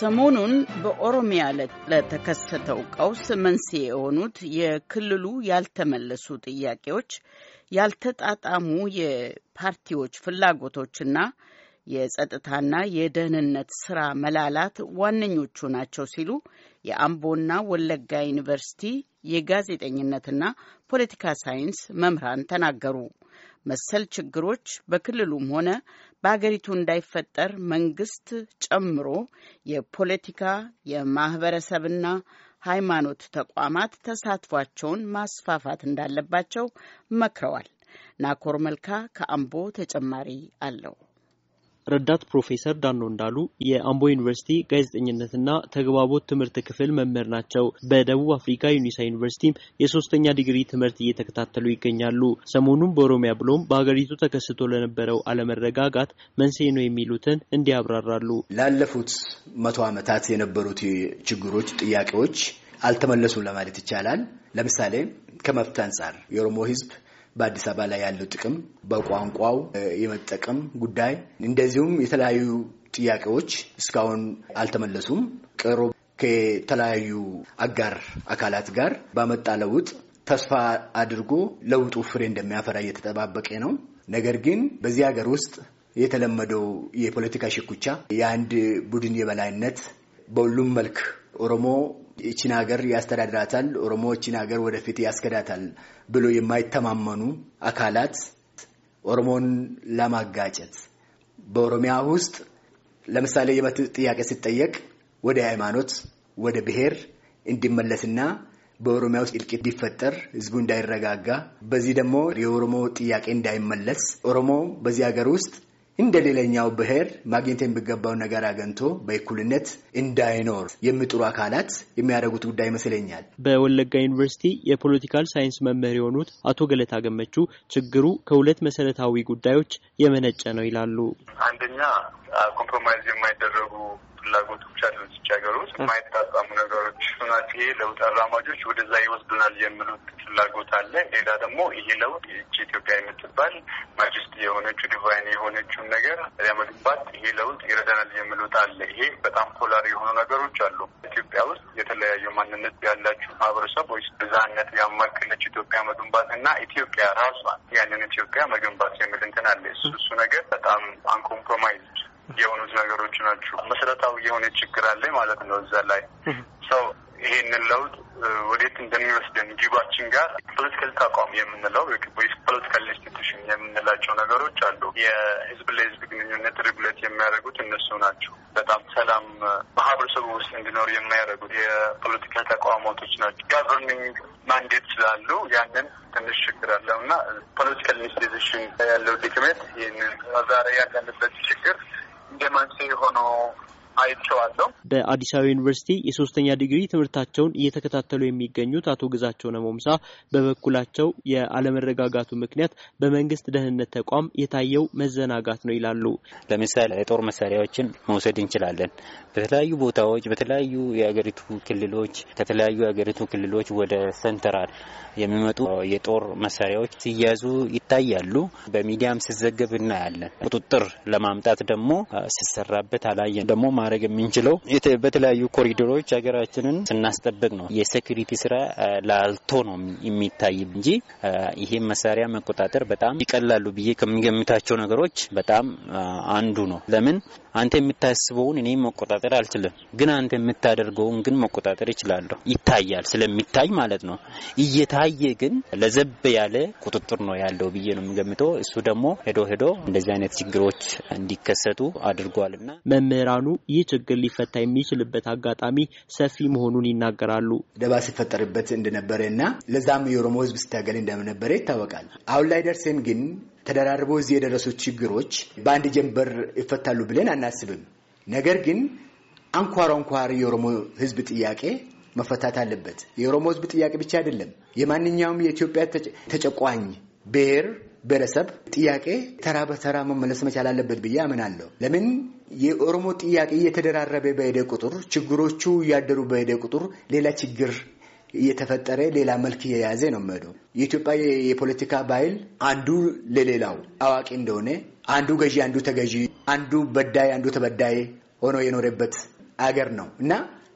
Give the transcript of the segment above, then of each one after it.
ሰሞኑን በኦሮሚያ ለተከሰተው ቀውስ መንስኤ የሆኑት የክልሉ ያልተመለሱ ጥያቄዎች፣ ያልተጣጣሙ የፓርቲዎች ፍላጎቶችና የጸጥታና የደህንነት ስራ መላላት ዋነኞቹ ናቸው ሲሉ የአምቦና ወለጋ ዩኒቨርሲቲ የጋዜጠኝነትና ፖለቲካ ሳይንስ መምህራን ተናገሩ። መሰል ችግሮች በክልሉም ሆነ በሀገሪቱ እንዳይፈጠር መንግስት ጨምሮ የፖለቲካ የማህበረሰብና ሃይማኖት ተቋማት ተሳትፏቸውን ማስፋፋት እንዳለባቸው መክረዋል። ናኮር መልካ ከአምቦ ተጨማሪ አለው። ረዳት ፕሮፌሰር ዳኖ እንዳሉ የአምቦ ዩኒቨርሲቲ ጋዜጠኝነትና ተግባቦት ትምህርት ክፍል መምህር ናቸው። በደቡብ አፍሪካ ዩኒሳ ዩኒቨርሲቲም የሶስተኛ ዲግሪ ትምህርት እየተከታተሉ ይገኛሉ። ሰሞኑን በኦሮሚያ ብሎም በሀገሪቱ ተከስቶ ለነበረው አለመረጋጋት መንስኤ ነው የሚሉትን እንዲያብራራሉ። ላለፉት መቶ ዓመታት የነበሩት ችግሮች፣ ጥያቄዎች አልተመለሱም ለማለት ይቻላል። ለምሳሌ ከመብት አንጻር የኦሮሞ ህዝብ በአዲስ አበባ ላይ ያለው ጥቅም በቋንቋው የመጠቀም ጉዳይ እንደዚሁም የተለያዩ ጥያቄዎች እስካሁን አልተመለሱም። ቅሩ ከተለያዩ አጋር አካላት ጋር ባመጣ ለውጥ ተስፋ አድርጎ ለውጡ ፍሬ እንደሚያፈራ እየተጠባበቀ ነው። ነገር ግን በዚህ ሀገር ውስጥ የተለመደው የፖለቲካ ሽኩቻ፣ የአንድ ቡድን የበላይነት በሁሉም መልክ ኦሮሞ ይችን ሀገር ያስተዳድራታል፣ ኦሮሞ ይችን ሀገር ወደፊት ያስከዳታል ብሎ የማይተማመኑ አካላት ኦሮሞን ለማጋጨት በኦሮሚያ ውስጥ ለምሳሌ የመት ጥያቄ ሲጠየቅ ወደ ሃይማኖት፣ ወደ ብሔር እንዲመለስና በኦሮሚያ ውስጥ እልቂት እንዲፈጠር ህዝቡ እንዳይረጋጋ፣ በዚህ ደግሞ የኦሮሞ ጥያቄ እንዳይመለስ ኦሮሞ በዚህ ሀገር ውስጥ እንደ ሌላኛው ብሔር ማግኘት የሚገባው ነገር አገንቶ በእኩልነት እንዳይኖር የሚጥሩ አካላት የሚያደርጉት ጉዳይ ይመስለኛል። በወለጋ ዩኒቨርሲቲ የፖለቲካል ሳይንስ መምህር የሆኑት አቶ ገለታ ገመቹ ችግሩ ከሁለት መሰረታዊ ጉዳዮች የመነጨ ነው ይላሉ። አንደኛ ኮምፕሮማይዝ የማይደረጉ ፍላጎቱ ብቻ ሊሆን ውስጥ የማይጣጣሙ ነገሮች ናት። ይሄ ለውጥ አራማጆች ወደዛ ይወስዱናል የሚሉት ፍላጎት አለ። ሌላ ደግሞ ይሄ ለውጥ ይቺ ኢትዮጵያ የምትባል ማጅስት የሆነችው ዲቫይን የሆነችውን ነገር ለመግባት ይሄ ለውጥ ይረዳናል የሚሉት አለ። ይሄ በጣም ፖላር የሆኑ ነገሮች አሉ። ኢትዮጵያ ውስጥ የተለያዩ ማንነት ያላቸው ወይስ ብዛነት ያማከለች ኢትዮጵያ መግንባት እና ኢትዮጵያ ራሷን ያንን ኢትዮጵያ መገንባት የሚል እንትን አለ። እሱ እሱ ነገር በጣም አንኮምፕሮማይዝ የሆኑት ነገሮች ናቸው። መሰረታዊ የሆነ ችግር አለ ማለት ነው። እዛ ላይ ሰው ይሄንን ለውጥ ወዴት እንደሚወስደን ጅባችን ጋር ፖለቲካል ተቋም የምንለው ፖለቲካል ኢንስቲቱሽን የምንላቸው ነገሮች አሉ። የህዝብ ለህዝብ ግንኙነት ሬጉሌት የሚያደርጉት እነሱ ናቸው። በጣም ሰላም ማህበረሰቡ ውስጥ እንዲኖር የሚያደርጉት የፖለቲካ ተቋማቶች ናቸው። ጋቨርኒንግ ማንዴት ስላሉ ያንን ትንሽ ችግር አለው እና ፖለቲካል ኢንስቲቱሽን ያለው ድክመት ይህንን ዛሬ ያለንበት ችግር የመንስኤ ሆኖ አይቼዋለሁ። በአዲስ አበባ ዩኒቨርሲቲ የሶስተኛ ዲግሪ ትምህርታቸውን እየተከታተሉ የሚገኙት አቶ ግዛቸው ነሞምሳ በበኩላቸው የአለመረጋጋቱ ምክንያት በመንግስት ደህንነት ተቋም የታየው መዘናጋት ነው ይላሉ። ለምሳሌ የጦር መሳሪያዎችን መውሰድ እንችላለን። በተለያዩ ቦታዎች በተለያዩ የአገሪቱ ክልሎች ከተለያዩ የአገሪቱ ክልሎች ወደ ሰንተራል የሚመጡ የጦር መሳሪያዎች ሲያዙ ይታያሉ። በሚዲያም ሲዘገብ እናያለን። ቁጥጥር ለማምጣት ደግሞ ሲሰራበት አላየን ደግሞ ማድረግ የምንችለው በተለያዩ ኮሪደሮች ሀገራችንን ስናስጠብቅ ነው። የሴኩሪቲ ስራ ላልቶ ነው የሚታይ እንጂ ይሄን መሳሪያ መቆጣጠር በጣም ይቀላሉ ብዬ ከሚገምታቸው ነገሮች በጣም አንዱ ነው። ለምን አንተ የምታስበውን እኔ መቆጣጠር አልችልም፣ ግን አንተ የምታደርገውን ግን መቆጣጠር ይችላለሁ። ይታያል፣ ስለሚታይ ማለት ነው። እየታየ ግን ለዘብ ያለ ቁጥጥር ነው ያለው ብዬ ነው የምገምተው። እሱ ደግሞ ሄዶ ሄዶ እንደዚህ አይነት ችግሮች እንዲከሰቱ አድርጓልና መምህራኑ ይህ ችግር ሊፈታ የሚችልበት አጋጣሚ ሰፊ መሆኑን ይናገራሉ። ደባ ሲፈጠርበት እንደነበረ እና ለዛም የኦሮሞ ህዝብ ሲታገል እንደነበረ ይታወቃል። አሁን ላይ ደርሴም ግን ተደራርበው እዚህ የደረሱ ችግሮች በአንድ ጀንበር ይፈታሉ ብለን አናስብም። ነገር ግን አንኳር አንኳር የኦሮሞ ህዝብ ጥያቄ መፈታት አለበት። የኦሮሞ ህዝብ ጥያቄ ብቻ አይደለም፣ የማንኛውም የኢትዮጵያ ተጨቋኝ ብሔር ብሔረሰብ ጥያቄ ተራ በተራ መመለስ መቻል አለበት ብዬ አምናለሁ። ለምን የኦሮሞ ጥያቄ እየተደራረበ በሄደ ቁጥር፣ ችግሮቹ እያደሩ በሄደ ቁጥር ሌላ ችግር እየተፈጠረ ሌላ መልክ እየያዘ ነው የሚሄደው። የኢትዮጵያ የፖለቲካ ባህል አንዱ ለሌላው አዋቂ እንደሆነ አንዱ ገዢ፣ አንዱ ተገዢ፣ አንዱ በዳይ፣ አንዱ ተበዳይ ሆኖ የኖረበት አገር ነው እና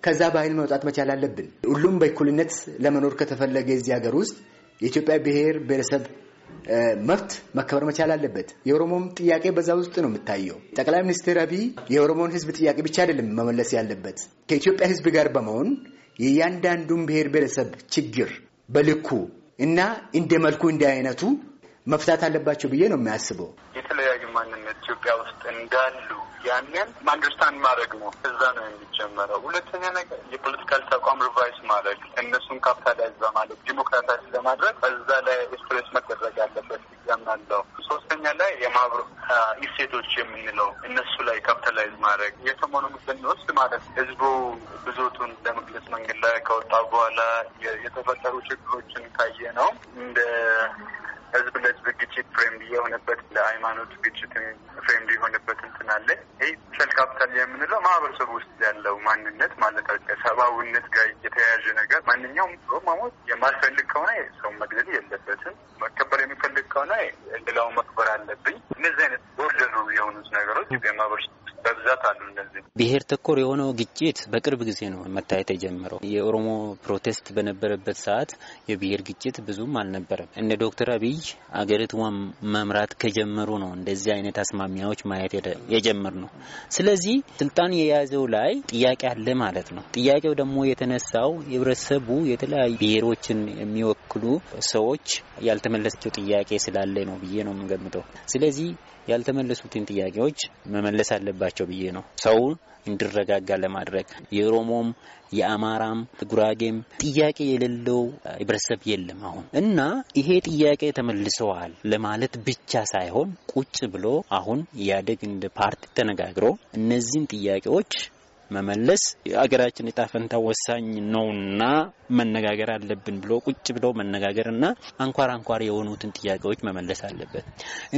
ከዛ ባህል መውጣት መቻል አለብን። ሁሉም በእኩልነት ለመኖር ከተፈለገ እዚህ ሀገር ውስጥ የኢትዮጵያ ብሔር ብሔረሰብ መብት መከበር መቻል አለበት። የኦሮሞም ጥያቄ በዛ ውስጥ ነው የምታየው። ጠቅላይ ሚኒስትር አብይ የኦሮሞን ህዝብ ጥያቄ ብቻ አይደለም መመለስ ያለበት ከኢትዮጵያ ህዝብ ጋር በመሆን የእያንዳንዱን ብሔር ብሔረሰብ ችግር በልኩ እና እንደ መልኩ እንደ አይነቱ መፍታት አለባቸው ብዬ ነው የሚያስበው። የተለያዩ ማንነት ኢትዮጵያ ውስጥ እንዳሉ ያንን አንደርስታንድ ማድረግ ነው። እዛ ነው የሚጀመረው። ሁለተኛ ነገር የፖለቲካል ተቋም ሪቫይስ ማድረግ፣ እነሱን ካፒታላይዝ በማድረግ ዲሞክራታሲ ለማድረግ እዛ ላይ ኤክስፕሬስ መደረግ ያለበት ያምናለው። ሶስተኛ ላይ የማህበሩ ኢሴቶች የምንለው እነሱ ላይ ካፒታላይዝ ማድረግ የሰሞኑን ብንወስድ ማለት ህዝቡ ብዙቱን ለመግለጽ መንገድ ላይ ከወጣ በኋላ የተፈጠሩ ችግሮችን ካየ ነው እንደ ህዝብ ለህዝብ ግጭት ፍሬም የሆነበት ለሃይማኖት ግጭት ፍሬምድ የሆነበት እንትን አለ። ይህ ሶሻል ካፒታል የምንለው ማህበረሰብ ውስጥ ያለው ማንነት ማለት ከሰብአዊነት ጋር የተያያዘ ነገር ማንኛውም ሰው መሞት የማልፈልግ ከሆነ ሰው መግደል የለበትም። መከበር የሚፈልግ ከሆነ ሌላው መክበር አለብኝ። እነዚህ አይነት ጎልደኑ የሆኑት ነገሮች ማህበረሰብ በብዛት አሉ። እነዚህ ብሔር ተኮር የሆነው ግጭት በቅርብ ጊዜ ነው መታየት የጀመረው። የኦሮሞ ፕሮቴስት በነበረበት ሰዓት የብሔር ግጭት ብዙም አልነበረም። እነ ዶክተር አብይ አገሪቱን መምራት ከጀመሩ ነው እንደዚህ አይነት አስማሚያዎች ማየት የጀመር ነው። ስለዚህ ስልጣን የያዘው ላይ ጥያቄ አለ ማለት ነው። ጥያቄው ደግሞ የተነሳው የህብረተሰቡ የተለያዩ ብሔሮችን የሚወክሉ ሰዎች ያልተመለሰቸው ጥያቄ ስላለ ነው ብዬ ነው የምገምተው። ስለዚህ ያልተመለሱትን ጥያቄዎች መመለስ አለባቸው ብዬ ነው ሰው እንዲረጋጋ ለማድረግ የኦሮሞም የአማራም ጉራጌም ጥያቄ የሌለው ህብረተሰብ የለም አሁን እና ይሄ ጥያቄ ተመልሰዋል ለማለት ብቻ ሳይሆን ቁጭ ብሎ አሁን ያደግ እንደ ፓርቲ ተነጋግሮ እነዚህን ጥያቄዎች መመለስ የአገራችን የጣፈንታ ፈንታ ወሳኝ ነውና መነጋገር አለብን ብሎ ቁጭ ብሎ መነጋገርና አንኳር አንኳር የሆኑትን ጥያቄዎች መመለስ አለበት።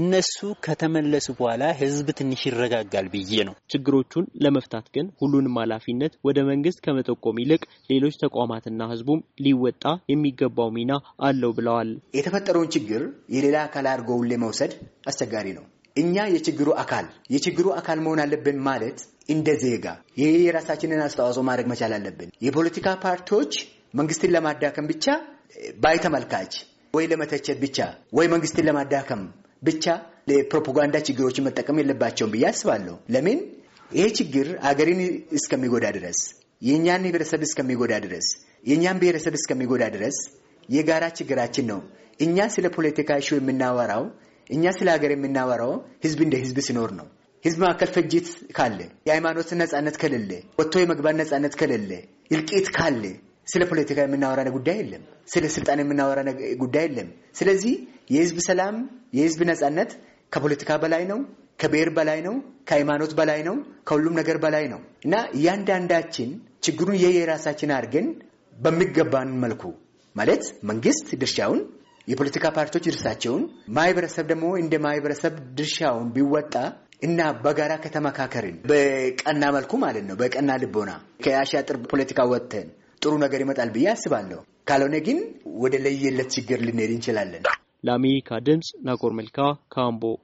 እነሱ ከተመለሱ በኋላ ህዝብ ትንሽ ይረጋጋል ብዬ ነው። ችግሮቹን ለመፍታት ግን ሁሉንም ኃላፊነት ወደ መንግስት ከመጠቆም ይልቅ ሌሎች ተቋማትና ህዝቡም ሊወጣ የሚገባው ሚና አለው ብለዋል። የተፈጠረውን ችግር የሌላ አካል አድርገውን ለመውሰድ አስቸጋሪ ነው። እኛ የችግሩ አካል የችግሩ አካል መሆን አለብን ማለት እንደ ዜጋ ይህ የራሳችንን አስተዋጽኦ ማድረግ መቻል አለብን። የፖለቲካ ፓርቲዎች መንግስትን ለማዳከም ብቻ ባይ ተመልካች ወይ ለመተቸት ብቻ ወይ መንግስትን ለማዳከም ብቻ ለፕሮፓጋንዳ ችግሮችን መጠቀም የለባቸውም ብዬ አስባለሁ። ለምን ይሄ ችግር አገርን እስከሚጎዳ ድረስ የእኛን ብሔረሰብ እስከሚጎዳ ድረስ የእኛን ብሔረሰብ እስከሚጎዳ ድረስ የጋራ ችግራችን ነው። እኛ ስለ ፖለቲካ እሹ የምናወራው እኛ ስለ ሀገር የምናወራው ህዝብ እንደ ህዝብ ሲኖር ነው። ህዝብ መካከል ፍጅት ካለ፣ የሃይማኖት ነጻነት ከሌለ፣ ወጥቶ የመግባት ነጻነት ከሌለ፣ እልቂት ካለ ስለ ፖለቲካ የምናወራ ጉዳይ የለም። ስለ ስልጣን የምናወራ ጉዳይ የለም። ስለዚህ የህዝብ ሰላም፣ የህዝብ ነጻነት ከፖለቲካ በላይ ነው፣ ከብሔር በላይ ነው፣ ከሃይማኖት በላይ ነው፣ ከሁሉም ነገር በላይ ነው እና እያንዳንዳችን ችግሩን የየራሳችን አድርገን በሚገባን መልኩ ማለት መንግስት ድርሻውን የፖለቲካ ፓርቲዎች ድርሻቸውን፣ ማህበረሰብ ደግሞ እንደ ማህበረሰብ ድርሻውን ቢወጣ እና በጋራ ከተመካከርን በቀና መልኩ ማለት ነው፣ በቀና ልቦና ከአሻጥር ፖለቲካ ወጥተን ጥሩ ነገር ይመጣል ብዬ አስባለሁ። ካልሆነ ግን ወደ ለየለት ችግር ልንሄድ እንችላለን። ለአሜሪካ ድምፅ ናኮር መልካ ካምቦ